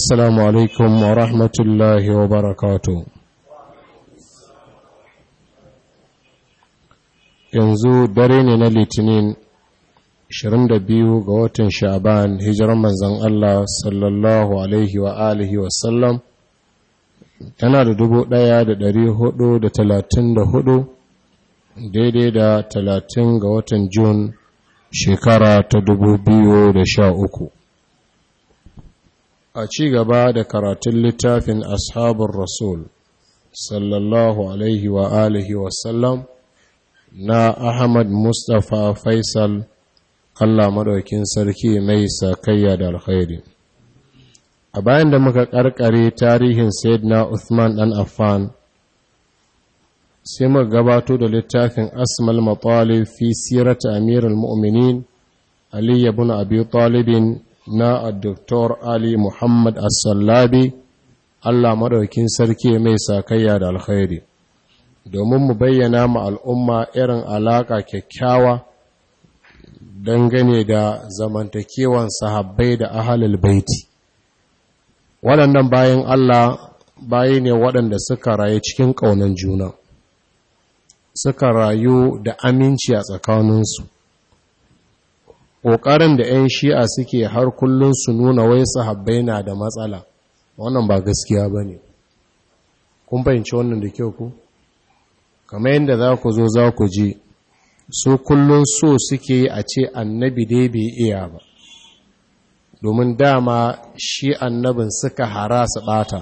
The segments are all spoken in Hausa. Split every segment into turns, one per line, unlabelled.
السلام عليكم ورحمة الله وبركاته yanzu dare ne na litinin 22 ga watan sha'ban hijiran manzan Allah sallallahu alaihi ɗaya da ɗari huɗu da 1434 daidai da 30 ga watan jun shekara ta 2013 a ci gaba da karatun littafin ashabin rasul sallallahu alaihi wa alihi wasallam na ahmad mustapha faisal allah maɗaukin sarki mai sakayya da alkhairi a bayan da muka ƙarƙare tarihin na uthman Dan affan sai muka gabato da littafin asmal matalib fi sirata amirul mu'minin aliyu abu abi talibin na Dr. Ali Muhammad Assalabi, Allah maɗaukin sarki mai sakayya da alkhairi, domin mu bayyana ma al'umma irin alaƙa kyakkyawa dangane da zamantakewan sahabbai da ahalil baiti. Waɗannan bayan Allah bayi ne waɗanda suka rayu cikin ƙaunan juna, suka rayu da aminci a tsakaninsu. ƙoƙarin da 'yan shi'a suke har kullun su nuna wai sahabbai na da matsala wannan ba gaskiya ba ne kun fahimci wannan da kyau ku kamar yadda za ku zo za ku ji su kullun so suke yi a ce annabi dai bai iya ba domin dama shi annabin suka hara su ɓata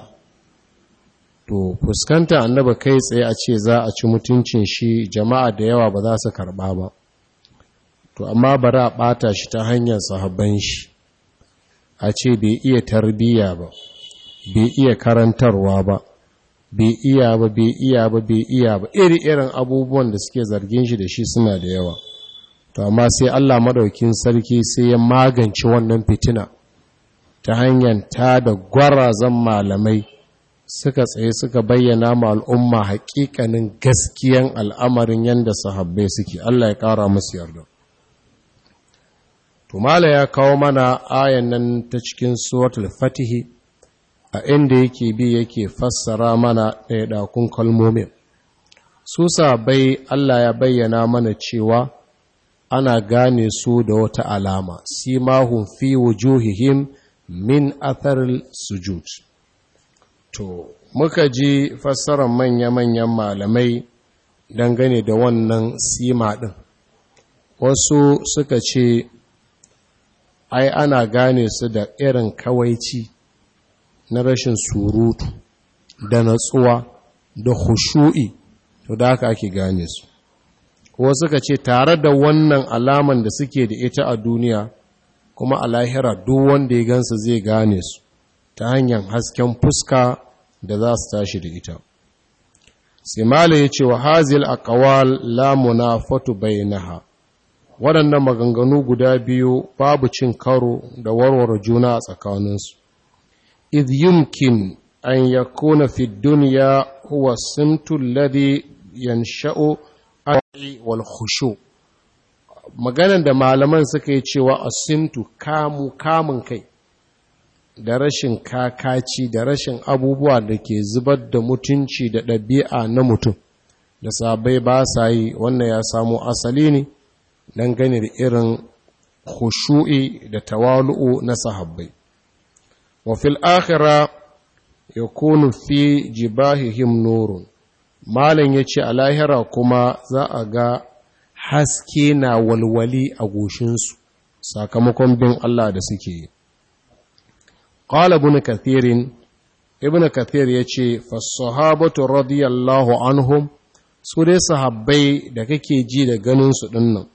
to fuskanta annaba kai tsaye a ce za a ci mutuncin shi jama'a da yawa ba za su karɓa ba to amma bara a ɓata shi ta hanyar sahabban shi a ce bai iya tarbiya ba bai iya karantarwa ba bai iya ba bai iya ba bai iya ba iri-irin abubuwan da suke zargin shi da shi suna da yawa to amma sai Allah madaukin sarki sai ya magance wannan fitina ta hanyar ta da gwarazan malamai suka tsaye suka bayyana ma al'umma hakikanin gaskiyan al'amarin yadda sahabbai suke Allah ya ƙara musu yarda to ya kawo mana ayan nan ta cikin suratul fatihi a inda yake bi yake fassara mana ɗaya ɗakun kalmomin su bai Allah ya bayyana mana cewa ana gane su da wata alama si simahum fi wujuhihim min atharil sujud to muka ji fassarar manya-manyan malamai dangane da wannan sima ɗin wasu suka ce ai ana gane su da irin kawaici na rashin surutu da natsuwa da hushu'i to da haka ake gane su ko suka ce tare da wannan alaman da suke da ita a duniya kuma a lahira duk wanda ya gansu zai gane su ta hanyar hasken fuska da za su tashi da ita simali ya ce wa hazil aqwal lamuna fatu bayanaha waɗannan maganganu guda biyu babu cin karo da warware juna a tsakaninsu Izyumkin yumkin an kuna fi duniya huwa simtun ladi yan sha'o i wal maganan da malaman suka yi cewa a simtu kamu kamun kai da rashin kakaci da rashin abubuwa da ke zubar da mutunci da ɗabi'a na mutum da sabai ba sa yi wannan ya samo asali ne dangane da irin khushu'i da tawalu'u na sahabbai wa fil akhira yakunu fi jibahihim nurun malam yace a lahira kuma za a ga haske na walwali a goshinsu sakamakon bin Allah da suke yi qala ibn Kathir ibn kathir yace fa sahabatu radiyallahu anhum su dai sahabbai da kake ji da ganin su dinnan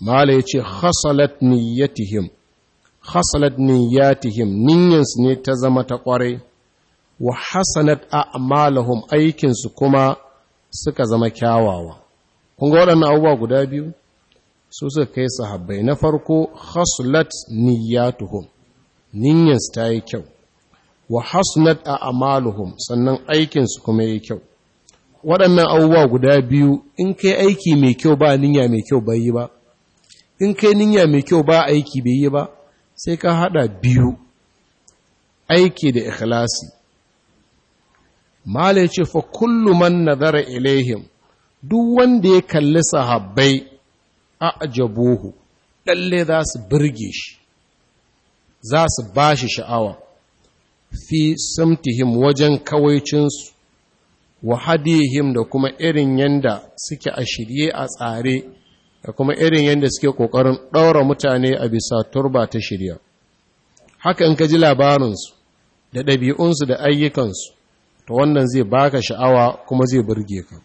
mala ya ce hasalat niyyatihim hasalat niyyatihim niyyansu ne ta zama ta kware wa hasanat a'malahum aikinsu kuma suka zama kyawawa kun ga waɗannan abubuwa guda biyu su suka kai sahabbai na farko haslat niyyatuhum niyyansu ta yi kyau wa hasanat a'maluhum sannan aikinsu kuma yi kyau waɗannan abubuwa guda biyu in kai aiki mai kyau ba niyya mai kyau bai yi ba in kai niyya mai kyau ba aiki bai yi ba sai ka hada biyu aiki da ikhlasi mala yace fa kullu man nazara ilaihim duk wanda ya kalli sahabbai ajabuhu lalle za su birge shi za su ba shi sha'awa fi samtihim wajen kawaicinsu wa hadihim da kuma irin yanda suke a shirye a tsare da kuma irin yadda suke ƙoƙarin ɗaura mutane a bisa turba ta shirya haka in ka ji labarinsu da ɗabi'unsu da ayyukansu ta wannan zai baka sha'awa kuma zai burge ka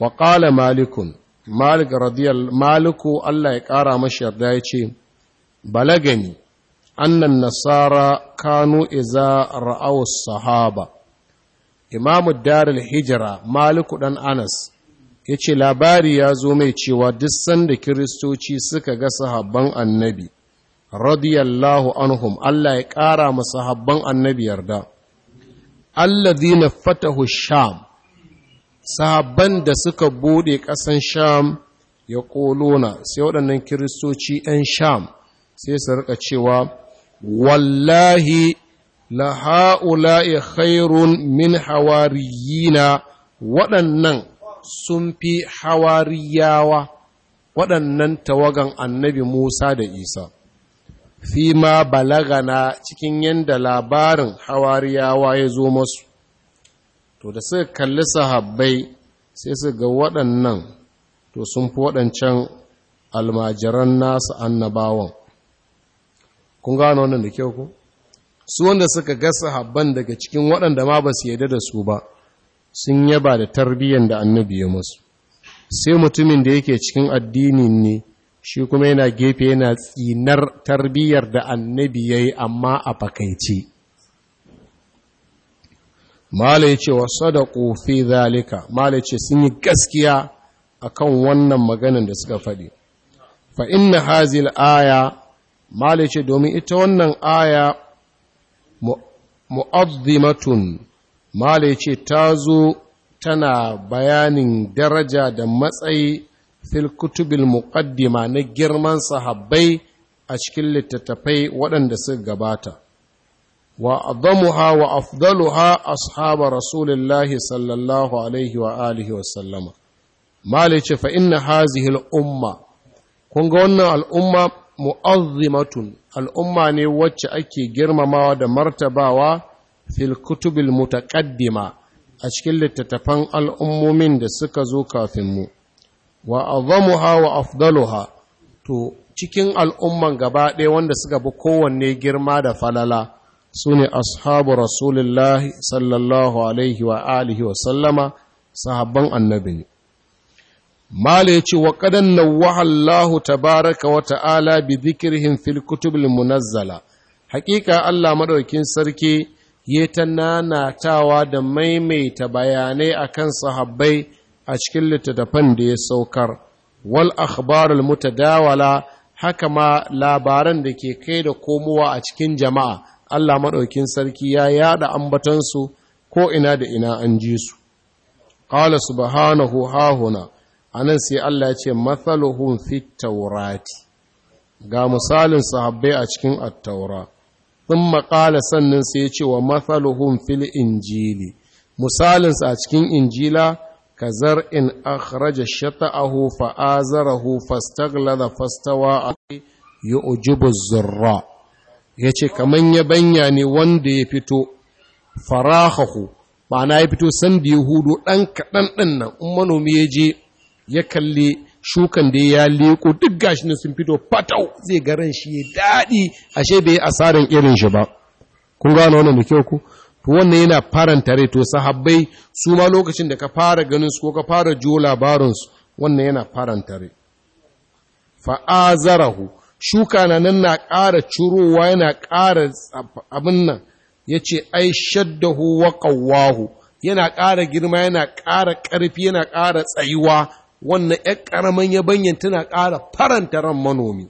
wa ƙala malikun maliku Allah ya ƙara mashi yarda ya ce balagani annan nasara kanu iza ra'aw sahaba imamu darul hijira maliku ɗan anas ya ce labari ya zo mai cewa duk sanda kiristoci suka ga sahabban annabi radiyallahu anhum Allah ya ƙara ma sahabban annabi yarda allazina fatahu sham sahabban da suka bude ƙasan sham ya ƙolona sai waɗannan kiristoci 'yan sham sai su rika cewa wallahi la ha'ula'i khairun min hawariyina waɗannan sun fi hawariyawa waɗannan tawagan annabi Musa da Isa. fi Fima na cikin yadda labarin hawariyawa ya zo masu, to da suka kalli sahabbai sai su ga waɗannan to sun fi waɗancan almajiran nasu annabawan. Kun gano wannan da kyau ku? Su wanda suka ga sahabban daga cikin waɗanda ma ba su yadda da su ba. sun yaba da tarbiyyar da annabi ya musu sai mutumin da yake cikin addini ne shi kuma yana gefe yana tsinar tarbiyyar da annabi ya yi amma a fakaice mala ya ce wa sadaku fi zalika mala ya ce sun yi gaskiya a kan wannan maganin da suka faɗi fa inna hazil aya mala ce domin ita wannan aya mu'azzimatun mala ya ce ta zo tana bayanin daraja da matsayi fil kutubil muqaddima na girman sahabbai a cikin littattafai waɗanda suka gabata wa wa afdaluha ashaba rasulillahi sallallahu alaihi wa alihi wa sallama mala ce fa inna hazihi al'umma kun ga wannan al'umma mu'azzimatun al'umma ne wacce ake girmamawa da martabawa fil kutubil mutaqaddima a cikin littattafan al'ummomin da suka zo kafin mu wa azamuha wa afdaluha to cikin al'umman gaba ɗaya wanda suka bi kowanne girma da falala su ne ashabu rasulullahi sallallahu alaihi wa alihi wa sallama sahabban annabi mala ya yace wa ƙadan nawahallahu tabaraka wa ta'ala bi zikirhin fil kutubil munazzala haƙiƙa Allah maɗaukin sarki ya ta nanatawa da maimaita bayanai a kan sahabbai a cikin littattafan da ya saukar wal akhbarul mutadawala haka ma labaran da ke kai da komowa a cikin jama'a Allah maɗaukin sarki ya yada ambatansu ko ina da ina an ji su qala subhanahu hahuna anan sai Allah ya ce mathaluhum fit tawrati ga misalin sahabbai a cikin at-taura sun maƙala sannan sai ya ce wa matsaluhun fil injili misalinsa a cikin injila Kazar in akhraja shata'ahu fa'azarahu fastaglada fastawa a ya ujubu zurra ya ce kaman banya ne wanda ya fito farahahu ma'ana ya fito sanda ya hudu ɗan kaɗan ɗan in manomi ya je ya kalli shukan da ya leko duk gashi na sun fito fatau zai garan shi ya daɗi ashe bai asarin irin shi ba kun gano wannan da kyau ku to wannan yana faranta rai to sahabbai su ma lokacin da ka fara ganin su ko ka fara jiyo labarinsu wannan yana faranta rai fa'azarahu shuka na nan na ƙara curowa yana ƙara abin nan ya ce ai shaddahu wa ƙawahu yana ƙara girma yana ƙara ƙarfi yana ƙara tsayuwa wannan ‘yan ƙaramin yabanyan tana ƙara faranta ran manomi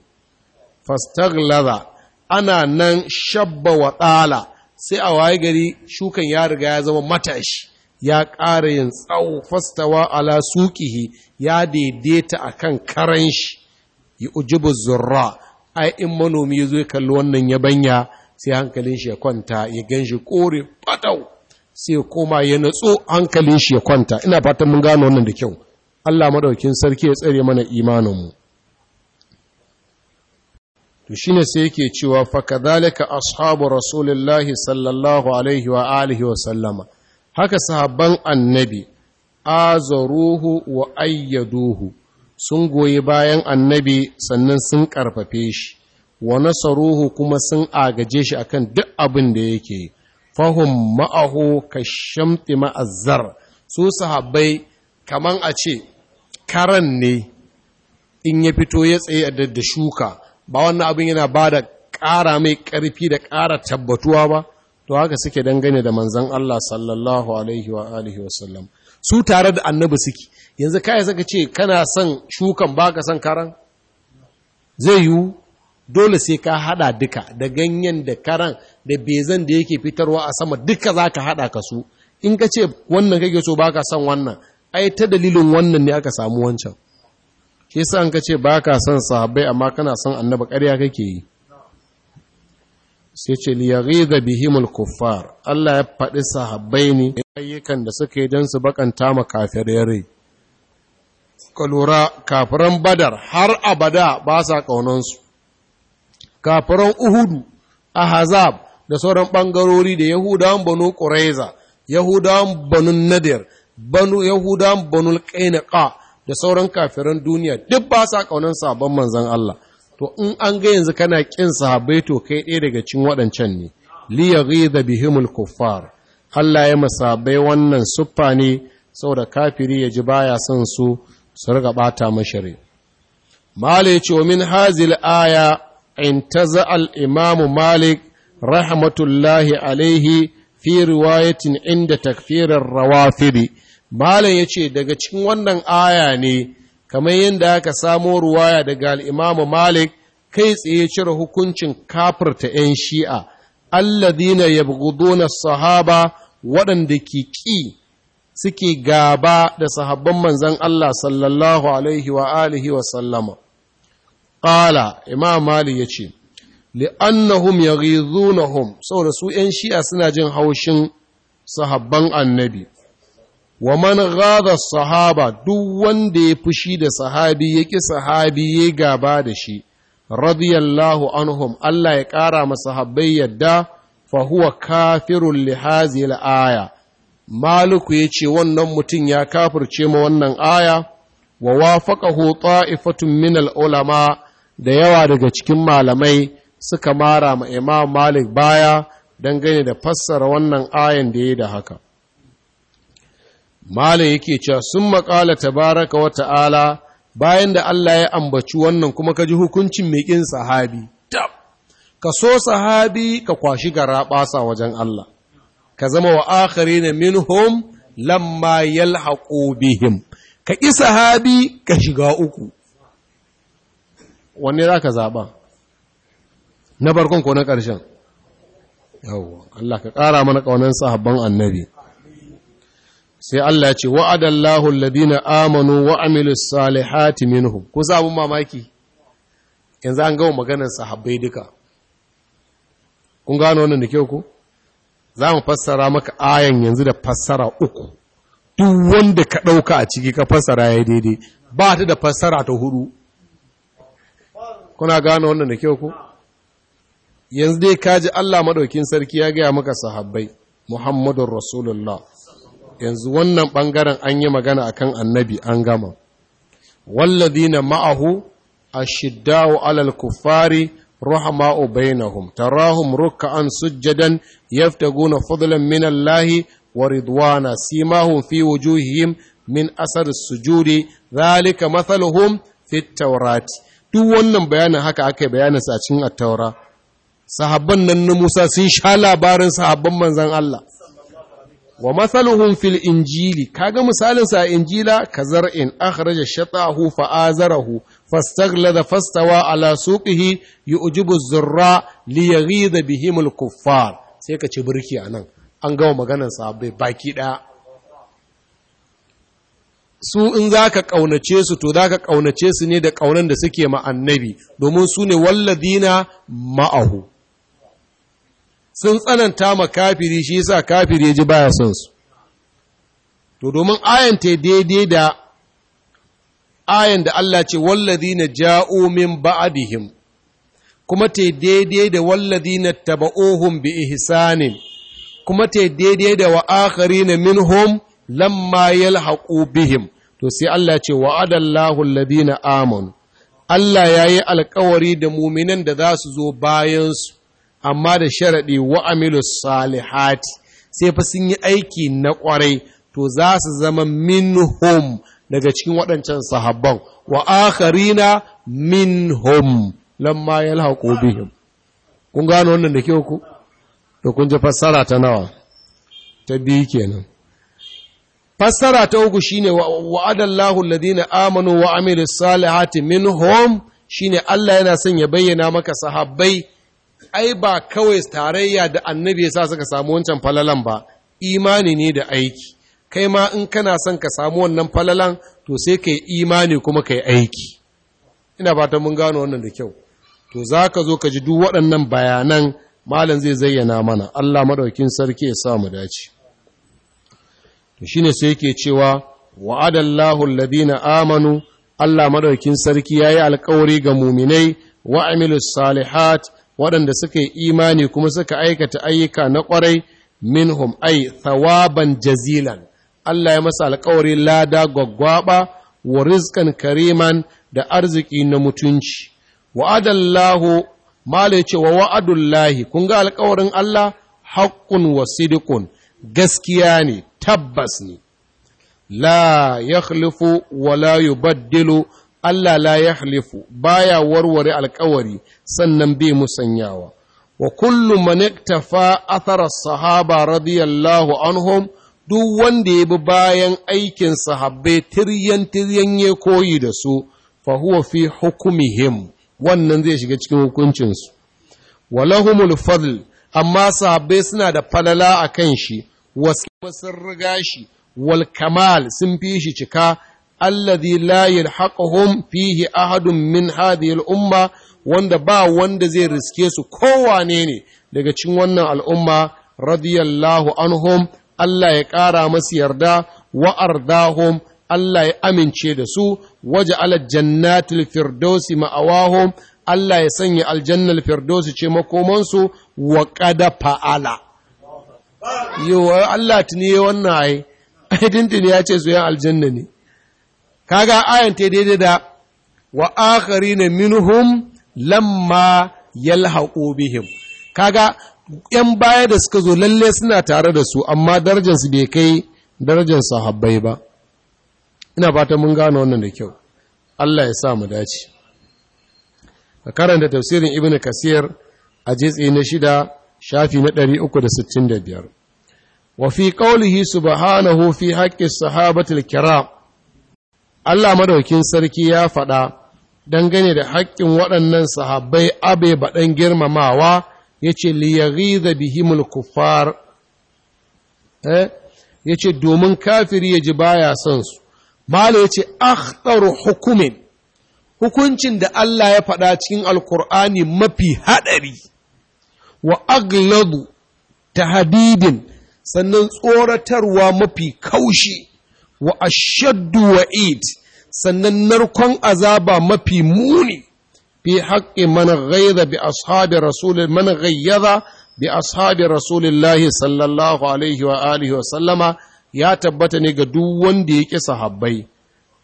fastaglaza ana nan shabba wa tsala sai a waye gari shukan ya riga ya zama matashi ya ƙara yin tsawo fastawa ala suƙihi ya daidaita a kan karen shi yi ujibu zurra ai in manomi ya zo ya kalli wannan yabanya sai hankalin shi ya kwanta ya gan shi kore fatau sai koma ya natso hankalin shi ya kwanta ina fatan mun gano wannan da kyau Allah maɗaukin sarki ya tsare mana imaninmu to ne sai yake cewa fa zalika ashabu rasulillahi sallallahu alaihi wa alihi wa sallama haka sahabban annabi azaruhu wa ayyaduhu sun goyi bayan annabi sannan sun ƙarfafe shi wa nasaruhu kuma sun agaje shi akan duk abin da yake fahun ma'ahu ka shamti ma'azzar su sahabbai kaman a ce karan ne in ya fito ya tsaye a da shuka ba wannan abin yana ba da ƙara mai ƙarfi da ƙara tabbatuwa ba to haka suke dangane da manzan Allah sallallahu alaihi wa alihi wa su tare da annabi suke yanzu kai saka ce kana son shukan baka son karan zai yiwu dole sai ka hada duka da ganyen da karan da bezan da yake fitarwa a sama duka zaka hada ka su in ka ce wannan kake so baka son wannan ai ta dalilin wannan ne aka samu wancan shi sa an ka ce ba ka son sahabbai amma kana son annaba ƙarya kake yi sai ce liyaghiza bihimul kuffar Allah ya faɗi sahabbai ne ayyukan da suka yi don su bakanta ma kafirai ka lura kafiran badar har abada ba sa ƙaunansu kafiran uhudu ahazab da sauran ɓangarori da yahudawan banu ƙuraiza yahudawan banu nadir banu yahuda banu qainqa da sauran kafiran duniya duk ba sa kaunan sabon manzon Allah to in an ga yanzu kana kin sahabbai to kai ɗaya daga cikin waɗancan ne li yaghiza bihimul kuffar Allah ya masabai wannan suffa ne saboda kafiri ya ji baya son su su riga bata mashari malik ce min hazil aya intaza al imam malik rahmatullahi alaihi fi riwayatin inda takfirar rawafidi malam ya ce daga cikin wannan aya ne kamar yadda aka samo ruwaya daga al'imamu malik kai tsaye cire hukuncin kafirta ‘yan shi'a alladina ya na sahaba waɗanda ke ƙi suke gaba da sahabban manzan Allah sallallahu alaihi wa alihi wa sallama ƙala imam malik ya ce li'annahum ya rizunahum saboda su ‘yan shi'a suna jin haushin sahabban annabi wa man ghadha sahaba duk wanda ya fushi da sahabi ya ki sahabi ya gaba da shi radiyallahu anhum Allah ya ƙara habbai yadda fa huwa kafirun li hazil aya maliku yace wannan mutum ya kafirce ma wannan aya wa wafaqahu ta'ifatun min al ulama da yawa daga cikin malamai suka mara ma imam malik baya dangane da fassara wannan ayan da ya da haka Malam yake cewa sun maƙala tabaraka wa ta'ala bayan da Allah ya ambaci wannan kuma ka ji hukuncin mai ƙin sahabi. Ka so sahabi ka kwashi gara ɓasa wajen Allah, ka zama wa akari na minhum lamma yalhaqu bihim. Ka ƙi sahabi ka shiga uku. Wanne za ka zaɓa? Na barkon ko na ƙarshen? Yawwa, Allah ka ƙara mana ƙaunar sahabban annabi. sai Allah ce wa'adallahu alladhina amanu wa'amilu amilus salihati minuhu ku samu mamaki yanzu an gawo maganar sahabbai duka kun gano wannan da kyau ku za mu fassara maka ayan yanzu da fassara uku duk wanda ka ɗauka a ciki ka fassara ya daidai ba ta da fassara ta hudu kuna gano wannan da kyau ku yanzu dai kaji Allah maɗaukin sarki ya gaya maka sahabbai Muhammadun Rasulullah yanzu wannan ɓangaren an yi magana a kan annabi an gama walladina ma'ahu a ashiddau alal kuffari rahama'u bainahum tarahum an sujjadan guna fadlan min Allahi wa ridwana simahum fi wujuhihim min asar sujudi zalika mathaluhum fi taurati duk wannan bayanin haka aka yi bayanin sa cikin at-taura sahabban nan na Musa sun sha labarin sahabban manzan Allah wa masaluhun fil injili kaga misalin sa injila ka zar'in akhraja shatahu fa azarahu fastaglada fastawa ala suqihi yu'jibu zurra li yaghidha bihim al kuffar sai ka ci burki anan an gama maganar bai baki da su in zaka kaunace su to zaka kaunace su ne da kaunan da suke ma annabi domin su ne walladina ma'ahu sun tsananta ma kafiri shi yasa kafiri ya ji baya son su to domin ayan ta daidai da ayan da Allah ce walladhina ja'u min ba'dihim kuma ta daidai da na taba'uhum bi ihsanin kuma ta daidai da wa akharina minhum lamma yalhaqu bihim to sai Allah ce wa'adallahu alladhina amanu Allah yayi alkawari da muminan da za su zo bayansu amma da sharaɗi wa amilu salihati sai fa sun yi aiki na ƙwarai to za su zama minhum daga cikin waɗancan sahabban wa akharina minhum lamma yalhaqu bihim kun gano wannan da kyau ku to kun ji fassara ta nawa ta biyu kenan fassara ta uku shine wa'adallahu alladhina amanu wa amilus salihati minhum shine Allah yana son ya bayyana maka sahabbai ai ba kawai tarayya da annabi ya sa suka samu wancan falalan ba imani ne da aiki kai ma in kana son ka samu wannan falalan to sai ka imani kuma ka aiki ina fatan mun gano wannan da kyau to za ka zo ka ji duk waɗannan bayanan malam zai zayyana mana Allah maɗaukin sarki ya sa mu dace to shine sai yake cewa wa'adallahu alladhina amanu Allah maɗaukin sarki yayi alƙawari ga muminai wa amilus salihat waɗanda suka yi imani kuma suka aikata ayyuka na ƙwarai minhum ai thawaban jazilan Allah ya masa alƙawari lada gwaggwaɓa wa rizkan kariman da arziki na mutunci wa'adallahu mala ce wa wa'adullahi kun ga alƙawarin Allah Haƙƙun wa sidikun gaskiya ne tabbas ne la yakhlifu wa la yubaddilu Allah la ya halifu ya warware alkawari sannan bai musanyawa wa kullum fa atharar sahaba radiyallahu anhum duk wanda ya bi bayan aikin sahabbai tiryan tiryan ya koyi da su fa huwa fi hukumihim wannan zai shiga cikin hukuncinsu walahumul fadl amma sahabbai suna da falala a kan shi wasu sun riga shi wal kamal sun fi shi cika alladhi la yalhaquhum fihi ahadun min hadhihi al-umma wanda ba wanda zai riske su kowane ne daga cikin wannan al'umma radiyallahu anhum Allah ya ƙara masu yarda wa ardahum Allah ya amince da su waje ala jannatil firdausi ma'awahum Allah ya sanya aljannal firdausi ce makomansu wa qada fa'ala yo Allah tuni wannan ai ai ya ce su yan aljanna ne kaga ayan ta daidai da wa na minhum lamma yalhaqu bihim kaga ‘yan baya da suka zo lalle suna tare da su, amma darajar su bai kai darajar sahabbai ba. Ina fata mun gano wannan da kyau, Allah ya sa mu dace. A karanta tafsirin Ibn Kasir a jitsi na shida, shafi na 365. Wa fi qawlihi subhanahu fi haqqi sahabatul kiram Allah madaukin sarki ya faɗa dangane da haƙƙin waɗannan sahabbai abe baɗan girmamawa ya ce liyaghiza bihimul kufar eh ya ce domin kafiri ya ji baya son su mala ya ce akhtaru hukumin hukuncin da Allah ya faɗa cikin alkur'ani mafi haɗari wa agladu ta hadidin sannan tsoratarwa mafi kaushi wa ashaddu wa'id sannan narkon azaba mafi muni fi haƙƙi man ghayza bi ashabi rasul man ghayza bi ashabi rasulillahi sallallahu alaihi wa alihi wa sallama ya tabbata ne ga duk wanda ya ƙi sahabbai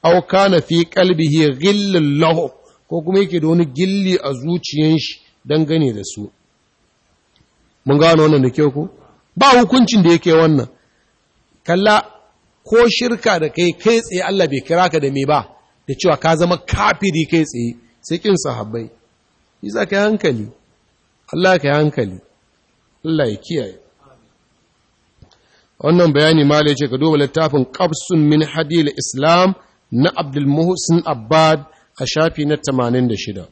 aw kana fi qalbihi ghillun lahu ko kuma yake da wani gilli a zuciyan shi dangane da su mun gano wannan da kyau ko ba hukuncin da yake wannan kalla ko shirka da kai kai tsaye Allah bai kira ka da me ba da cewa ka zama kafiri kai tsaye sai kin sahabbai yi za ka yi hankali Allah ka yi hankali Allah ya kiyaye wannan bayani ma ce ka duba littafin qabsun min hadil islam na abdul muhsin abbad a shafi na 86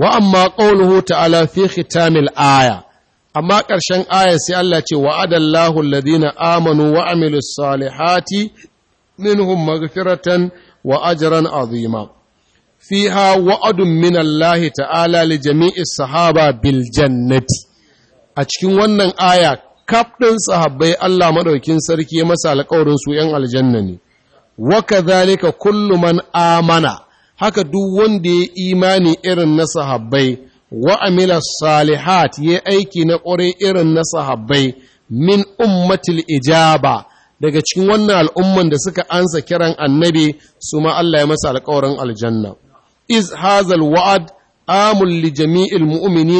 wa amma qawluhu ta'ala fi khitamil aya amma ƙarshen ayar sai Allah ce wa'adallahu ladina amanu wa amilu salihati minhum magfiratan wa ajran azima fiha wa'adun min Allah ta'ala li jami'i sahaba bil jannati a cikin wannan aya kafɗin sahabbai Allah maɗaukin sarki masa alƙawarin su ‘yan aljanna ne, waka zalika kullu man amana, haka duk wanda ya imani irin na sahabbai, wa amila salihat ya aiki na ƙwarai irin na sahabbai min ummatil ijaba daga cikin wannan al'umman da suka ansa kiran annabi su ma Allah ya masa alƙawarin aljanna iz hazal wa'ad amul li jami'il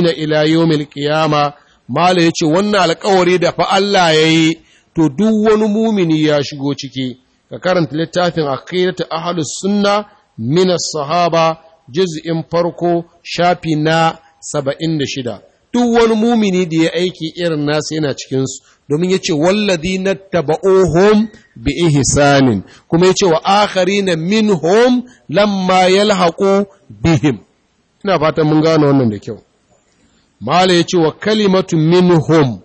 na ila yawmil qiyama mala yace wannan alƙawari da fa Allah yayi to duk wani mumini ya shigo ciki ka karanta littafin akidatu ahlus sunna min as-sahaba juz'in farko shafi na saba'in da shida duk wani mumini da ya aiki irin nasu yana cikinsu domin ya ce wallazi na taba'ohom bi ihsanin kuma ya ce wa akari na hom lamma yalhaqu bihim ina fatan mun gane wannan da kyau mala ya ce wa kalimatu minhum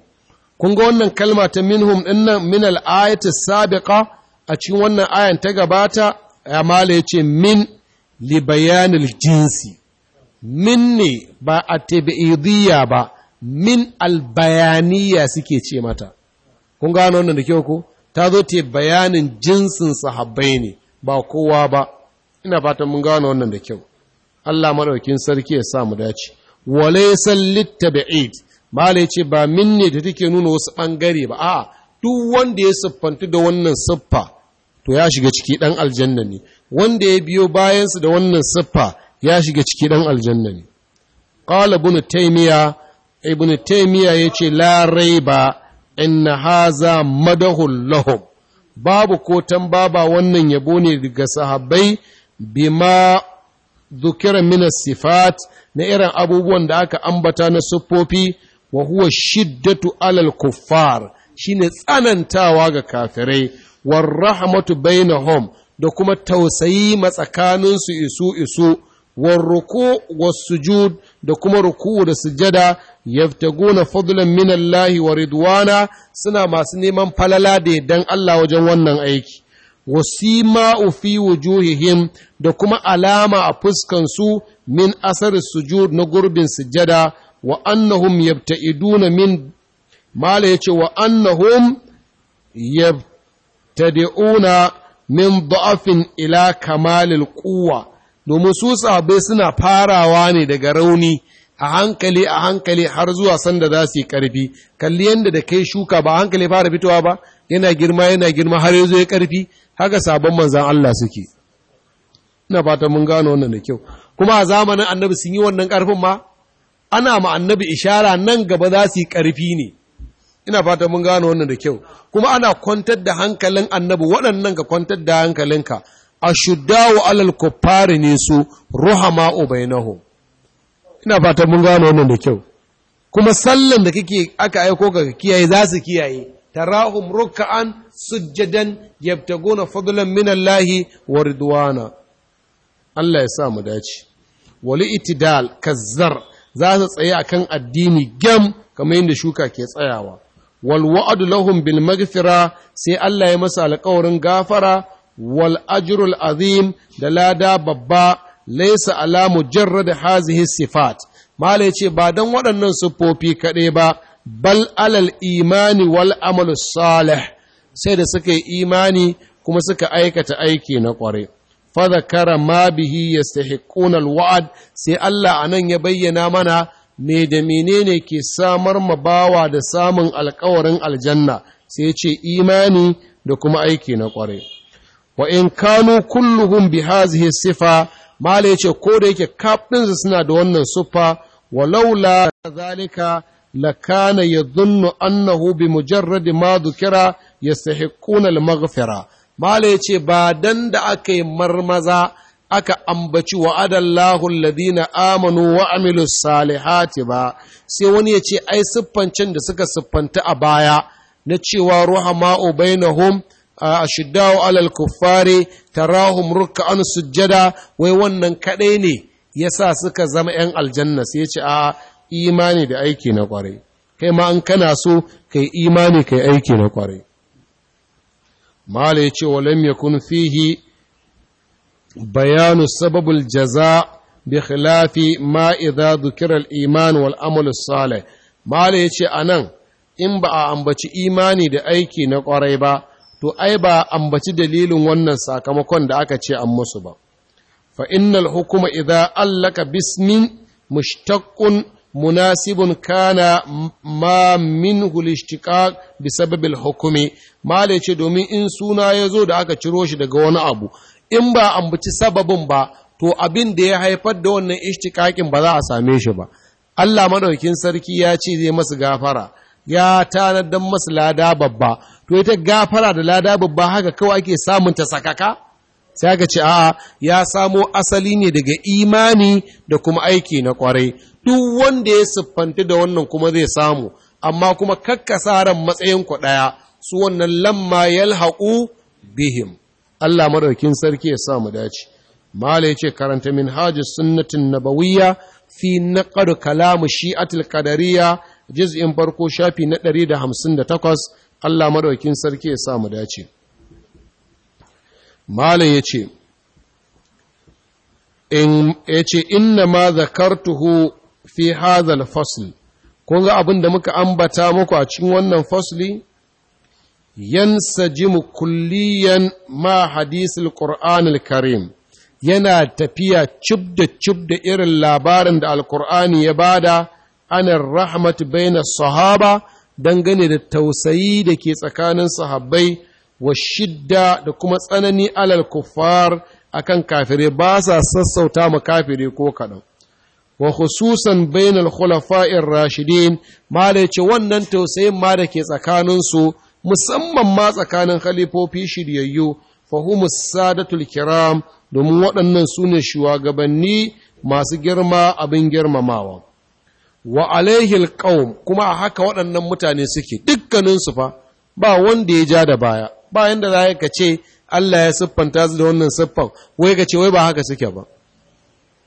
kun ga wannan kalma ta minhum dinnan min al-ayati sabiqa a cikin wannan ayan ta gabata ya mala ya ce min li bayanil jinsi min ba a tabi'idiyya ba min albayaniya suke ce mata kun gano wannan da kyau ko ta zo te bayanin jinsin sahabbai ne ba kowa ba ina fatan mun gano wannan da kyau Allah madaukin sarki ya sa mu dace walaysa littabi'id malai ce ba min da take nuna wasu bangare ba a'a duk wanda ya siffanta da wannan siffa to ya shiga ciki dan aljanna ne wanda ya biyo bayansu da wannan siffa ya shiga ciki ɗan aljanna ne qala ibn taymiya ibn taymiya yace la raiba inna haza madahul lahum babu ko tambaba wannan yabo ne daga sahabbai bima dhukira min sifat na irin abubuwan da aka ambata na siffofi wa huwa shiddatu alal kuffar shine tsanantawa ga kafirai war rahmatu bainahum da kuma tausayi matsakaninsu isu isu warruku sujud da kuma ruku'u da sujada yaftaguna fadlan minallahi Allah wa ridwana suna masu neman falala da dan Allah wajen wannan aiki wasima'u fi wujuhihim da kuma alama a fuskan su min asar sujud na gurbin sujada wa annahum yabta'iduna min mala yace wa annahum yabtadi'una min da'afin ila kamalil quwwa domin su tsabe suna farawa ne daga rauni a hankali a hankali har zuwa sanda za su yi ƙarfi kalli yadda da kai shuka ba hankali fara fitowa ba yana girma yana girma har yanzu ya ƙarfi haka sabon manzan Allah suke ina fata mun gano wannan da kyau kuma a zamanin annabi sun yi wannan ƙarfin ma ana ma annabi ishara nan gaba za su yi ƙarfi ne ina fata mun gano wannan da kyau kuma ana kwantar da hankalin annabi waɗannan ka kwantar da hankalinka ashuddawu alal kuffari ne su ruhama ubainahu ina fatan mun gano wannan da kyau kuma sallan da kake aka aiko ka kiyaye za su kiyaye tarahum ruk'an sujjadan yabta gona fadlan min Allah wa ridwana Allah ya sa mu dace wali itidal kazzar za su tsaye akan addini gam kamar yadda shuka ke tsayawa wal wa'adu lahum bil maghfira sai Allah ya masa alƙawarin gafara wal ajrul azim da lada babba laisa ala mujarrad hazihi sifat mala yace ba dan waɗannan siffofi kaɗai ba bal alal imani wal amalu salih sai da suka yi imani kuma suka aikata aiki na ƙware fa zakara ma bihi yastahiquna al wa'd sai Allah anan ya bayyana mana me da menene ke samar ma bawa da samun alkawarin aljanna sai ce imani da kuma aiki na ƙware. wa in kanu kulluhum bi hazihi sifa mala yace ko da yake kafin su suna da wannan siffa walaula zalika lakana yadhunnu annahu bi mujarrad ma dhukira yastahiquna al-maghfira mala yace ba dan da aka yi marmaza aka ambaci wa'adallahu alladhina amanu wa amilu salihati ba sai wani yace ai siffancin da suka siffanta a baya na cewa ruhama bainahum a shiddawo alal kuffari tarahum rukka an sujjada wai wannan kaɗai ne yasa suka zama yan aljanna sai ce a imani da aiki na ƙwarai, kai ma an kana so kai imani kai aiki na kwarai mala wa walam yakun fihi bayanu sababul jaza bi khilafi ma idza dhukira al iman wal amal salih mala yace anan in ba a ambaci imani da aiki na kwarai ba to ai ba ambaci dalilin wannan sakamakon da aka ce an musu ba fa innal hukuma idza allaka bismin mushtaqqun munasibun kana ma minhu lishtiqaq bisabab al-hukmi mala ce domin in suna yazo da aka ciro shi daga wani abu in ba ambaci sababin ba to abin da ya haifar da wannan ishtiqaqin ba za a same shi ba Allah madaukin sarki ya ce zai masu gafara ya tanadar masu lada babba to ita gafara da lada babba haka kawai ake samun ta sakaka sai aka ce a ya samo asali ne daga imani da kuma aiki na kwarai duk wanda ya siffanta da wannan kuma zai samu amma kuma kakkasa ran matsayin ku ɗaya su wannan lamma yalhaqu bihim Allah madaukin sarki ya sa mu dace mala yace karanta min hajis sunnatin nabawiyya fi naqd kalam shiatul qadariyya juz'in farko shafi na 158 Allah madaukin sarki ya sa mu dace malam ya ce, in ce, inna ma zakartuhu fi hadha fasl kun ga abin da muka ambata muku a cikin wannan fasli yansajimu kulliyan ma hadisul qur'anil karim yana tafiya cib da cib da irin labarin da alkur'ani ya bada anin rahmat baina sahaba dangane da tausayi da ke tsakanin sahabbai wa shidda da kuma tsanani alal kuffar akan kafire ba sa sassauta ma kafire ko kaɗan wa khususan bainal khulafa'ir rashidin ma da ce wannan tausayin ma da ke tsakaninsu musamman ma tsakanin khalifofi shiryayyu fahimu sadatul kiram domin waɗannan su ne shugabanni masu girma abin girmamawa wa alaihil qaum kuma a haka waɗannan mutane suke dukkaninsu fa ba wanda ya ja da baya ba yanda za ka ce Allah ya siffanta su da wannan siffan wai ka ce wai ba haka suke ba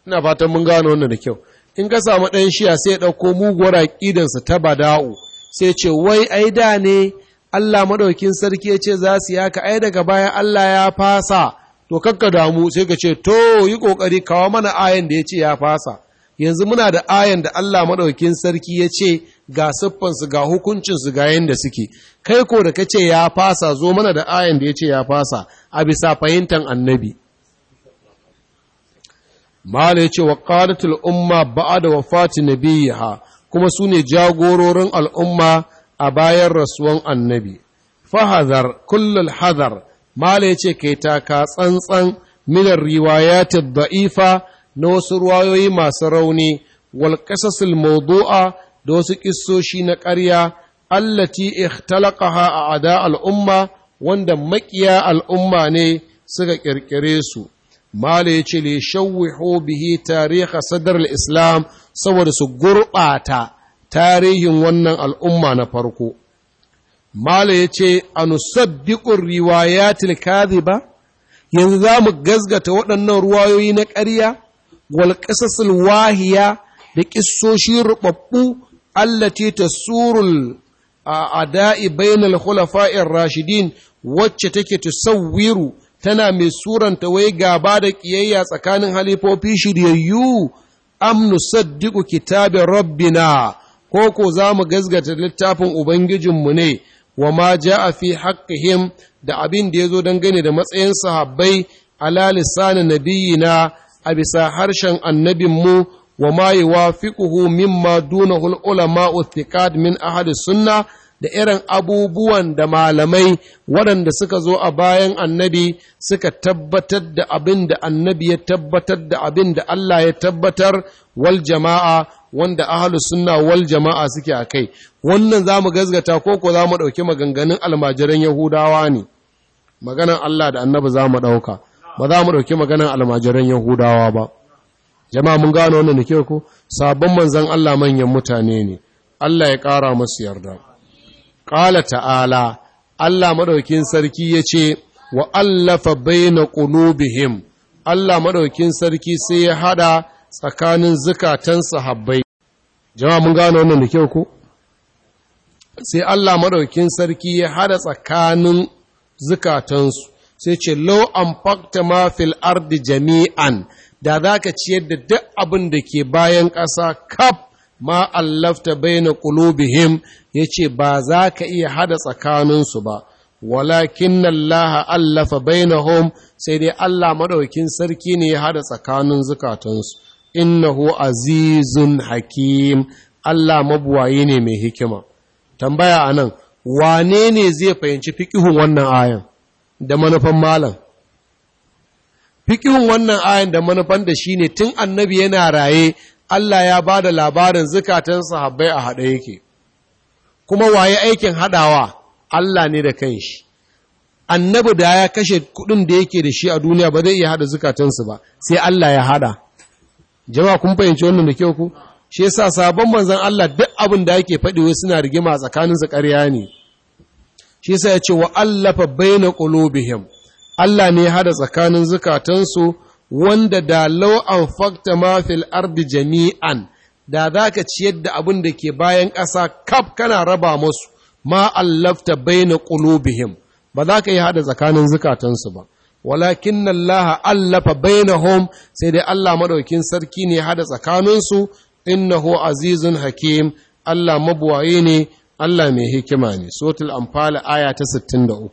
ina fatan mun gano wannan da kyau in ka samu ɗan shiya sai ya ɗauko muguwar aƙidansa ta bada'u sai ce wai ai da ne Allah madaukin sarki ya ce za su yi haka ai daga baya Allah ya fasa to kakka damu sai ka ce to yi ƙoƙari kawo mana ayan da ya ce ya fasa yanzu muna da ayan da Allah maɗaukin sarki ya ce ga siffansu ga hukuncinsu ga yadda suke kai ko da kace ya fasa zo mana da ayan da ya ce ya fasa a bisa fahimtar annabi mala ya ce wa qadatul umma da wafati ha, kuma su ne jagororin al'umma a bayan rasuwan annabi fahazar kullul hazar mala ya ce kai taka tsantsan minar riwayatil da'ifa na wasu ruwayoyi masu rauni wal maudu'a mawdu'a da wasu kissoshi na ƙarya allati ikhtalaqaha a ada al'umma wanda maƙiya al'umma ne suka ƙirƙire su mala ya ce le shawwihu bihi tarihi sadar islam saboda su gurɓata tarihin wannan al'umma na farko mala ya ce a riwayatil ba yanzu za mu gazgata waɗannan ruwayoyi na ƙarya wal qisasul wahiya da kissoshi rubabbu allati tasurul ada'i bainal khulafa'ir rashidin wacce take tusawwiru tana mai suranta wai gaba da ƙiyayya tsakanin halifofi shiryayyu am nusaddiqu kitabi rabbina ko ko za mu gazgata littafin ubangijinmu ne wa ma ja'a fi haqqihim da abin da yazo dangane da matsayin sahabbai ala lisan nabiyina a bisa harshen annabinmu wa ma yuwafiquhu mimma dunahu al-ulama'u min ahli sunna da irin abubuwan da malamai waɗanda suka zo a bayan annabi suka tabbatar da abin da annabi ya tabbatar da abin da Allah ya tabbatar wal jama'a wanda ahalus sunna wal jama'a suke a kai wannan za mu gazgata ko ko za mu ɗauki maganganun almajiran yahudawa ne maganan Allah da annabi za mu ɗauka ba za mu ɗauki maganin almajiran yahudawa ba jama'a mun gano wannan da ku. sabon manzan Allah manyan mutane ne Allah ya ƙara masu yarda qala ta'ala Allah madaukin sarki yace wa allafa baina qulubihim Allah madaukin sarki sai ya hada tsakanin zukatan sahabbai jama'a mun gano wannan da ku sai Allah madaukin sarki ya hada tsakanin zukatansu sai ce lo an fakta ma fil ardi jami'an da za ka ciyar da duk abin da ke bayan ƙasa kaf ma allafta baina qulubihim yace ba za ka iya hada tsakaninsu ba walakin Allah allafa bainahum sai dai Allah madaukin sarki ne ya hada tsakanin zukatansu innahu azizun hakim Allah mabuwaye ne mai hikima tambaya anan wane ne zai fahimci fiƙihun wannan ayan da manufan malam fikihun wannan ayan da manufan da shi ne tun annabi yana raye Allah ya ba da labarin zukatan sahabbai a haɗe yake kuma waye aikin haɗawa Allah ne da kanshi annabi da ya kashe kuɗin da yake da shi a duniya ba zai iya haɗa zukatansu ba sai Allah ya haɗa jama'a kun fahimci wannan da kyau ku shi yasa sabon manzon Allah duk abin da yake faɗi wai suna rigima tsakaninsu ƙarya ne shi sa ya ce wa allafa baina qulubihim Allah ne hada tsakanin zukatansu wanda da law an fakta ma fil ardi jami'an da zaka ciyar da abin da ke bayan ƙasa kaf kana raba musu ma allafta baina qulubihim ba za ka yi hada tsakanin zukatansu ba walakin Allah allafa bainahum sai dai Allah madaukin sarki ne hada tsakaninsu innahu azizun hakim Allah mabuwaye ne Allah mai hikima ne sotul amfala aya ta 63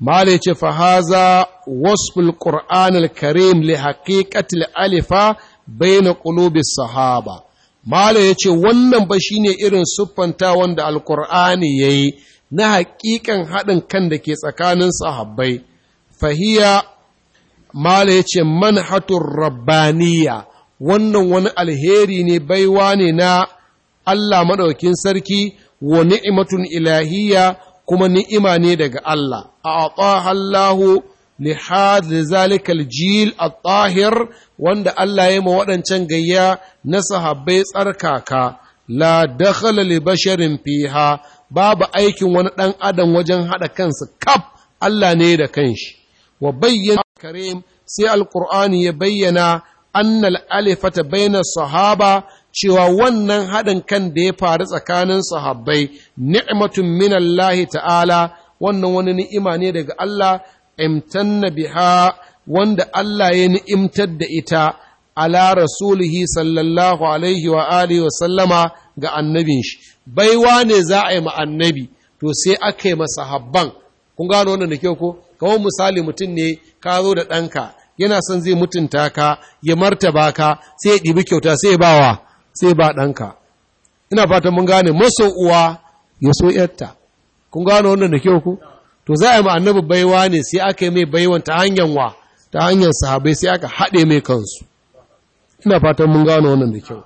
mala ce fahaza wasful qur'anil karim li haƙiƙatul alifa na ƙulubis sahaba mala ce wannan ba shi ne irin siffanta wanda ya yi na haƙiƙan haɗin kan da ke tsakanin sahabbai fahiya mala yace manhatun rabbaniya wannan wani alheri ne baiwa ne na Allah maɗaukin sarki wa ni'imatun ilahiyya kuma ni'ima ne daga Allah a Allahu li hadhi zalika jil at-tahir wanda Allah ya ma waɗancan gayya na sahabbai tsarkaka la dakhala li basharin fiha babu aikin wani ɗan adam wajen haɗa kansa kaf Allah ne da kanshi wa bayyana karim sai alqur'ani ya bayyana annal alifata bayna sahaba cewa wannan haɗin kan da ya faru tsakanin sahabbai ni'matun minallahi ta'ala wannan wani ni'ima ne daga Allah imtanna biha wanda Allah ya ni'imtar da ita ala rasulihi sallallahu alaihi wa alihi wa sallama ga annabin shi baiwa ne za a yi ma annabi to sai aka yi ma sahabban kun gano wannan da kyau ko Kamar misali mutum ne ka zo da ɗanka yana son zai mutunta ka ya martaba ka sai ya ɗibi kyauta sai ya bawa sai ba ɗanka ina fatan mun gane maso uwa ya so yarta kun gane wannan da kyau ku to za a yi annabi baiwa ne sai aka yi mai baiwan ta hanyar wa ta hanyar sahabai sai aka haɗe mai kansu ina fatan mun gane wannan da kyau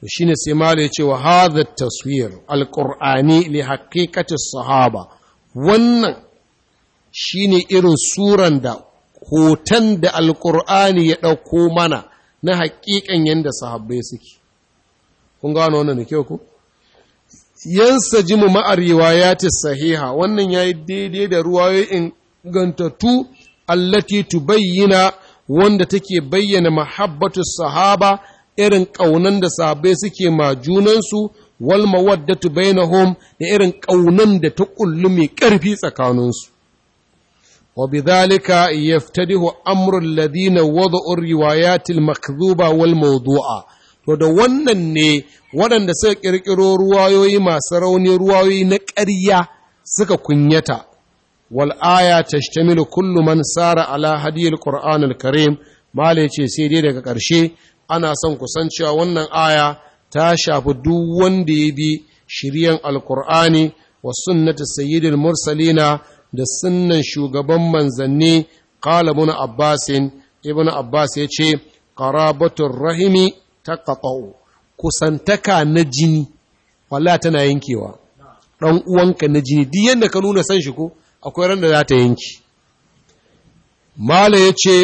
to shine sai mala ya ce wa hadha taswir alƙur'ani ne haqiqati sahaba wannan shine irin suran da hoton da alƙur'ani ya ɗauko mana na haƙiƙan yadda sahabbai suke kun gano wannan da kyau ku yansa ma'arewa ya ta sahiha wannan ya yi daidai da ruwa ruwayoyin gantattu allati tu bayyana wanda take bayyana mahabbatu sahaba irin ƙaunan da sahabbai suke ma junansu wal mawaddatu bainahum da irin ƙaunan da ta kullu mai ƙarfi tsakaninsu وبذلك يفتده أمر الذين وضعوا الروايات المكذوبة والموضوعة to da wannan ne waɗanda suka ƙirƙiro ruwayoyi masu rauni ruwayoyi na ƙarya suka kunyata Wal'aya ta tashtamilu kullu man sara ala hadiyil qur'an al karim mala ce sai dai daga ƙarshe ana son cewa wannan aya ta shafi duk wanda ya bi shiryan alqur'ani wa sunnata sayyidil mursalina da sunan shugaban manzanni qala ibn abbas ibn abbas yace rahimi ta taqatu kusantaka na jini wallahi tana yankewa ɗan uwanka na jini duk yadda ka nuna san shi ko akwai ran da za ta yanki mala yace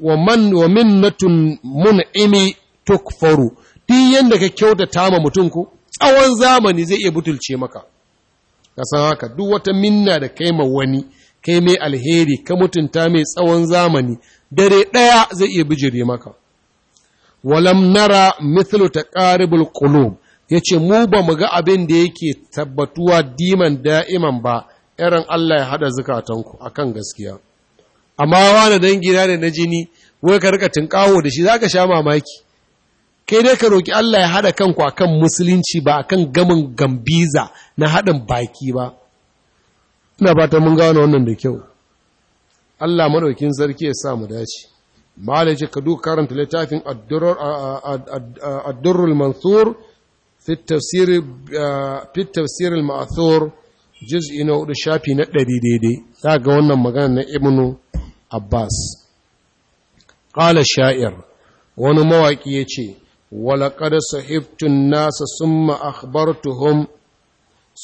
wa man wa minnatun mun'imi tukfaru duk yadda ka kyautata ma mutum ko tsawon zamani zai iya butulce maka ka san haka duk wata minna da kai ma wani kai mai alheri ka mutunta mai tsawon zamani dare ɗaya zai iya bijire maka walam nara mithlu taqaribul qulub yace mu ba mu ga abin da yake tabbatuwa diman da'iman ba irin Allah ya hada zukatanku akan gaskiya amma wani dangi na da na jini wai ka rika tinkawo da shi zaka sha mamaki kai dai ka roƙi Allah ya haɗa kanku akan musulunci ba akan gaman gambiza na haɗin baki ba ina ba mun gano wannan da kyau Allah maɗaukin sarki ya sa mu dace ce ka duk karanta littafin ad-durrul mansur fi tafsir fi tafsir al juz'i na hudu shafi na ɗari daidai ga wannan magana na ibnu abbas Ƙala sha'ir wani mawaki ce. ولقد صحبت الناس ثم أخبرتهم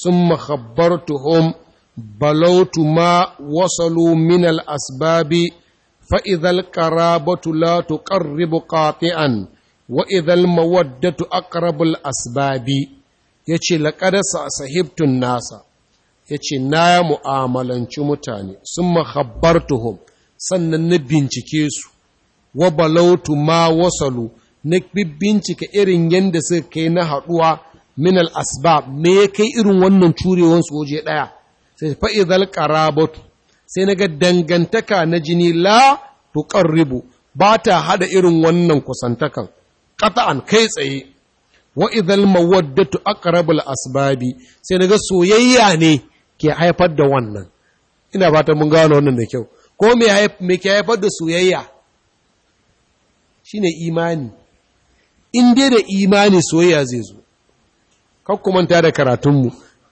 ثم خبرتهم بلوت ما وصلوا من الأسباب فإذا القرابة لا تقرب قاطعا وإذا المودة أقرب الأسباب يتي لقد صحبت الناس يتي نايا مؤاملا متاني ثم خبرتهم sannan na bincike su wa balautu ma wasalu na bincika irin yadda suka kai na haɗuwa min al'asbab me ya kai irin wannan curewan waje ɗaya sai fa'izal ƙarabatu sai na ga dangantaka na jini la ribu, ba ta haɗa irin wannan kusantakan ƙata'an kai tsaye wa'izal mawaddatu aqrabul asbabi sai na ga soyayya ne ke haifar da wannan ina ba ta mun gano wannan da kyau ko me ke haifar da soyayya Shi ne imani in dai da imani soyayya zai zo kan ku manta da karatunmu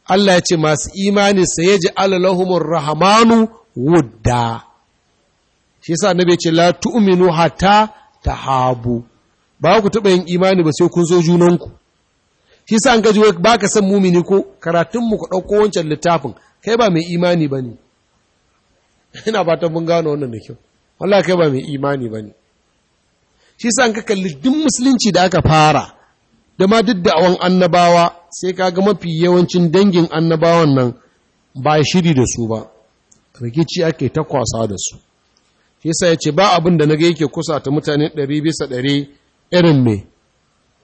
Allah ya ce masu imani sai ji alalahumur rahamanu wudda shi yasa annabi ce la tu'minu hatta tahabu ba ku taɓa yin imani ba sai kun so junanku shi sa an gaji wai ba ka san mumini ko karatunmu ku ɗauko wancan littafin kai ba mai imani ba ne ina fatan mun gano wannan da kyau wallah kai ba mai imani ba ne shi sa ka kalli duk musulunci da aka fara da ma duk da'awan annabawa sai ka ga mafi yawancin dangin annabawan nan ba shiri da su ba rikici ake ta kwasa da su shi sa ya ce ba abin da naga yake kusa ta mutane ɗari bisa ɗari irin me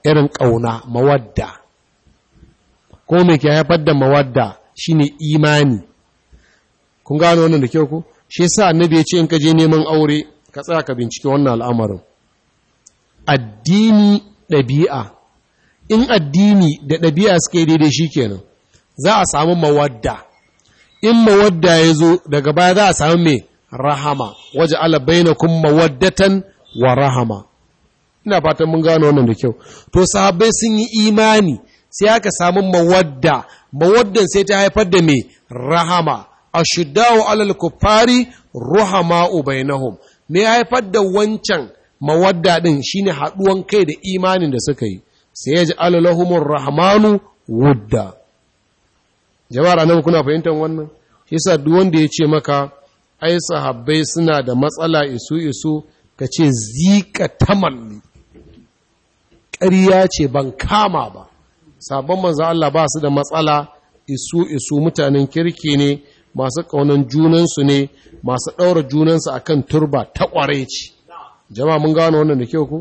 irin ƙauna mawadda ko mai ke haifar da mawadda shine imani kun gano wannan da kyau ku shi sa annabi ya ce in ka je neman aure ka tsaya ka bincike wannan al'amarin addini ɗabi'a in addini da ɗabi'a suke daidai shi kenan za a samu mawadda in mawadda ya zo daga baya za a samu mai rahama waje alabaina kuma mawaddatan wa rahama ina fatan mun gano wannan da kyau to sahabbai sun yi imani sai aka samu mawadda mawaddan sai ta haifar da mai rahama A ashiddaw alal kufari ruhama ubainahum me haifar da wancan mawadda ɗin shine haɗuwan kai da imanin da suka yi sai ya ji alalahumar rahmanu wudda jama'ar annabi kuna fahimtar wannan yasa duk wanda ya ce maka ai sahabbai suna da matsala isu isu ka ce zika tamalli ƙarya ce ban kama ba sabon manzo Allah ba su da matsala isu isu mutanen kirki ne masu ƙaunan junansu ne masu ɗaura junansu akan turba ta ƙware ce Jama mun gano wannan da kyau ku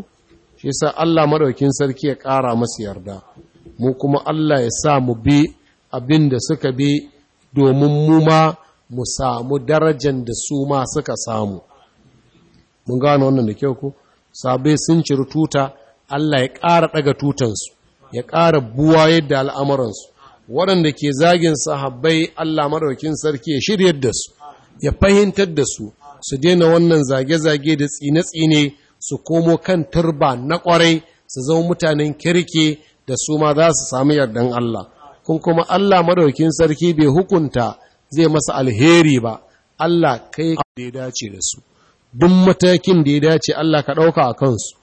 shi yasa Allah madaukin sarki ya ƙara masa yarda mu kuma Allah ya sa mu bi abin da suka bi domin mu ma mu samu darajar da su ma suka samu mun gano wannan da kyau ku sabai sun ciri tuta Allah ya ƙara ɗaga tutansu ya ƙara buwa yadda al'amuransu waɗanda ke zagin sahabbai Allah maɗaukin sarki ya shiryar da su ya fahimtar da su su daina wannan zage-zage da tsine-tsine su komo kan turba na kwarai, su zama mutanen kirki da su ma za su sami yardan Allah kun kuma Allah madaukin sarki bai hukunta zai masa alheri ba Allah kai da ya dace da su duk matakin da ya dace Allah ka ɗauka a kansu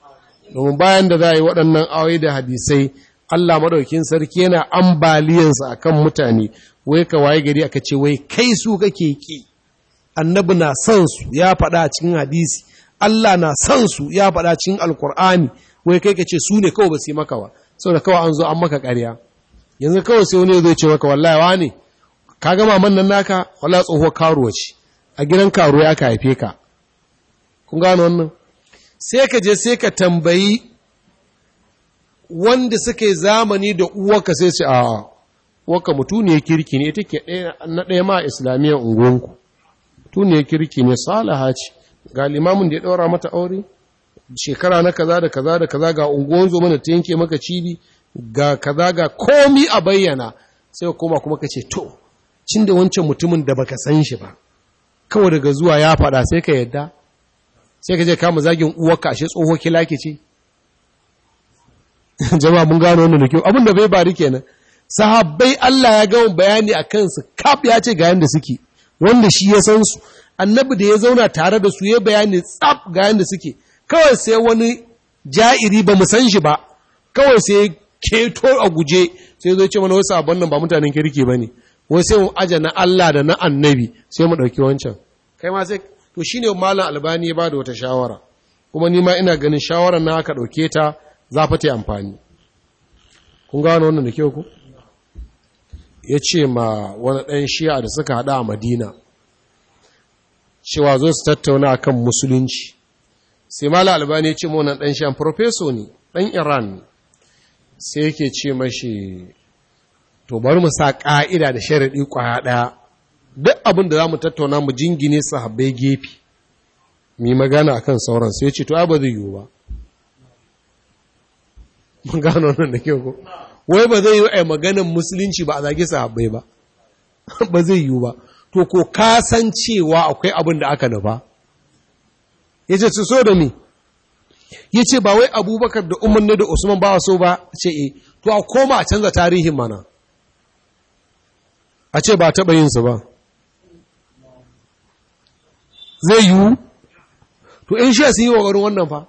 domin bayan da za a yi waɗannan awai da hadisai Allah madaukin sarki yana ambaliyansa kan mutane wai ka waye gari aka ce wai kai su kake ki annabi na son su ya faɗa cikin hadisi Allah na son su ya faɗa cikin alkur'ani wai kai ka ce su ne kawai ba su yi maka ba saboda kawai an zo an maka ƙarya yanzu kawai sai wani zai ce maka wallahi wani ka maman nan naka wallahi tsohuwar karuwa ce a gidan karuwa ya ka haife ka kun gano wannan sai ka je sai ka tambayi wanda suke zamani da uwarka sai ce a uwarka mutu ne kirki ne take na ɗaya ma islamiyyar unguwanku ya kirki ne salaha ce ga limamin da ya ɗaura mata aure shekara na kaza da kaza da kaza ga unguwan zo mana ta yanke maka cibi ga kaza ga komi a bayyana sai koma kuma ka ce to cin da wancan mutumin da baka san shi ba kawai daga zuwa ya faɗa sai ka yadda sai ka je kama zagin uwarka ashe tsoho kila ke ce jama'a mun gano wannan da kyau abin da bai bari kenan sahabbai Allah ya gama bayani a kansu kaf ya ce ga yanda suke wanda shi ya san su annabi da ya zauna tare da su ya bayani tsab ga yanda suke kawai sai wani ja'iri ba mu san shi ba kawai sai keto a guje sai zai ce mana wasu abin nan ba mutanen kirki ba ne wai sai mu aja na Allah da na annabi sai mu ɗauki wancan kai ma sai to shine malam albani ya bada wata shawara kuma ni ma ina ganin shawarar na aka ɗauke ta za fa ta yi amfani kun gano wannan da kyau ku ya ce ma wani ɗan shiya da suka haɗa a madina cewa zo su tattauna kan musulunci sai mala albani ya ce ma ɗan shiya profeso ne ɗan iran ne sai yake ce mashi to bari mu sa ƙa'ida da sharaɗi ƙwaya ɗaya duk abin da za mu tattauna mu jingine sahabbai gefe mu magana akan sauran sai ce to ba zai yiwu ba mun gano nan da kyau ko wai ba zai yi a maganan musulunci ba a zage sahabbai ba ba zai yi ba to ko ka san cewa akwai abin da aka nufa ce su so da ni ya ce ba wai abubakar da umarni da usman ba so ba ce e eh. to a koma a canza tarihin mana a ce ba taɓa yin su ba zai yiwu to in shi su yi wa wannan fa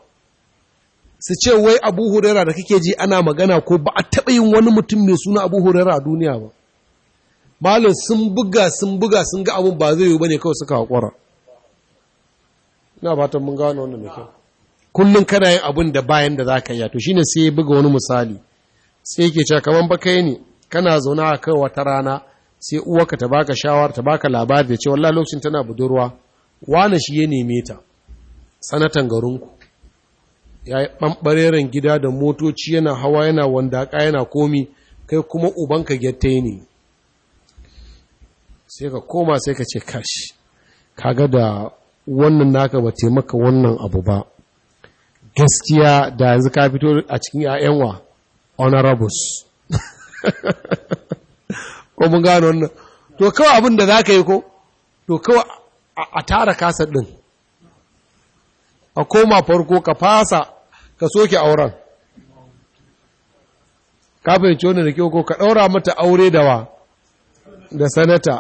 su ce wai abu hurera da kake ji ana magana ko ba a taɓa yin wani mutum mai suna abu hurera a duniya ba malam sun buga sun buga sun ga abun ba zai yi ba kawai suka haƙura ina fatan mun gano wannan mai kyau kullum kana yin abun da bayan da za ka yi to shine sai ya buga wani misali sai yake cewa kaman ba kai ne kana zauna a kan wata rana sai uwarka ta baka shawara ta baka labari da cewa wallahi lokacin tana budurwa wani shi ya neme ta sanatan garinku ya yi ɓanɓareren gida da motoci yana hawa yana wanda, ka yana komi kai kuma ubanka gyatta ne sai ka koma sai ka ce kashi kaga da wannan naka ba taimaka wannan abu ba gaskiya da yanzu ka fito a cikin 'ya'yanwa honorables ko mun gano wannan to kawai abin da za ka yi ko to kawai a tara kasar ɗin a koma farko ka fasa ka soke auren ka fahimci da kyau ko ka ɗaura mata aure da wa da sanata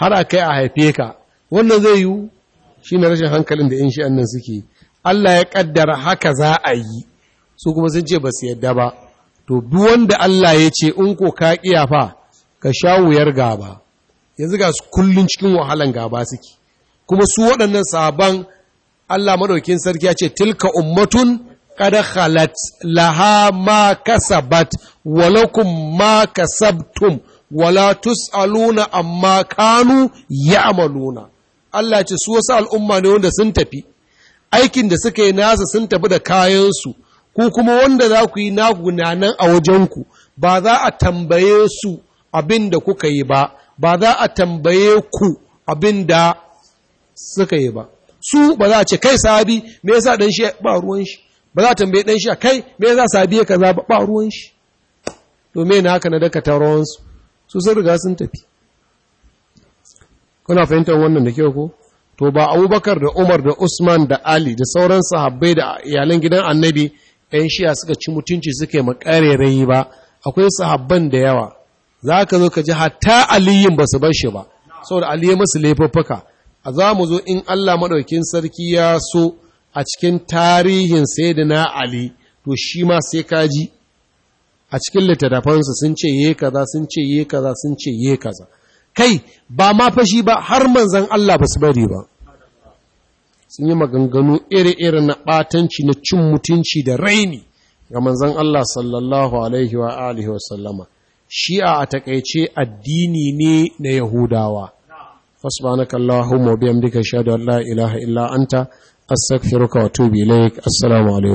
har a kai a haife ka wannan zai yiwu shi ne rashin hankalin da 'yan shi nan suke Allah ya ƙaddara haka za a yi su kuma sun ce ba su yadda ba to bi wanda Allah ya ce in ko ka ƙiya fa ka sha wuyar gaba yanzu ga su kullun cikin wahalan gaba suke kuma su waɗannan sabon Allah maɗaukin sarki ya ce tilka ummatun qad khalat laha ma kasabat walakum ma kasabtum wala tusaluna amma kanu ya'maluna Allah ce su wasu al'umma ne wanda sun tafi aikin da suka yi nasa sun tafi da kayansu ku kuma wanda za ku yi naku na nan a wajenku ba za a tambaye su abin da kuka yi ba ba za a tambaye ku abin da suka yi ba su ba za a ce kai sabi me yasa dan shi ba ruwan shi ba za a tambaye dan shi kai me yasa sabi ya kaza ba ruwan shi domin na haka na daka taron su su sun riga sun tafi kuna fahimtar wannan da kyau ko to ba Abubakar da Umar da Usman da Ali da sauran sahabbai da iyalan gidan Annabi ɗan shiya suka ci mutunci suka yi makarerai ba akwai sahabban da yawa za ka zo ka ji hatta aliyin ba su bar shi ba saboda ali ya masu laifuffuka a za mu zo in Allah maɗaukin sarki ya so a cikin tarihin na Ali to shi ma sai kaji a cikin littattafansa sun ce ye kaza sun ce ye kaza sun ce ye kaza kai ba ma fashi ba har manzan Allah ba su bari ba sun yi maganganu iri-iri na ɓatanci na cin mutunci da raini ga manzan Allah sallallahu alaihi wa alihi wa sallama shi'a a takaice addini ne na yahudawa subhanaka allahumma wa bihamdika ashhadu an la ilaha illa anta astaghfiruka wa atubu ilaik assalamu alaikum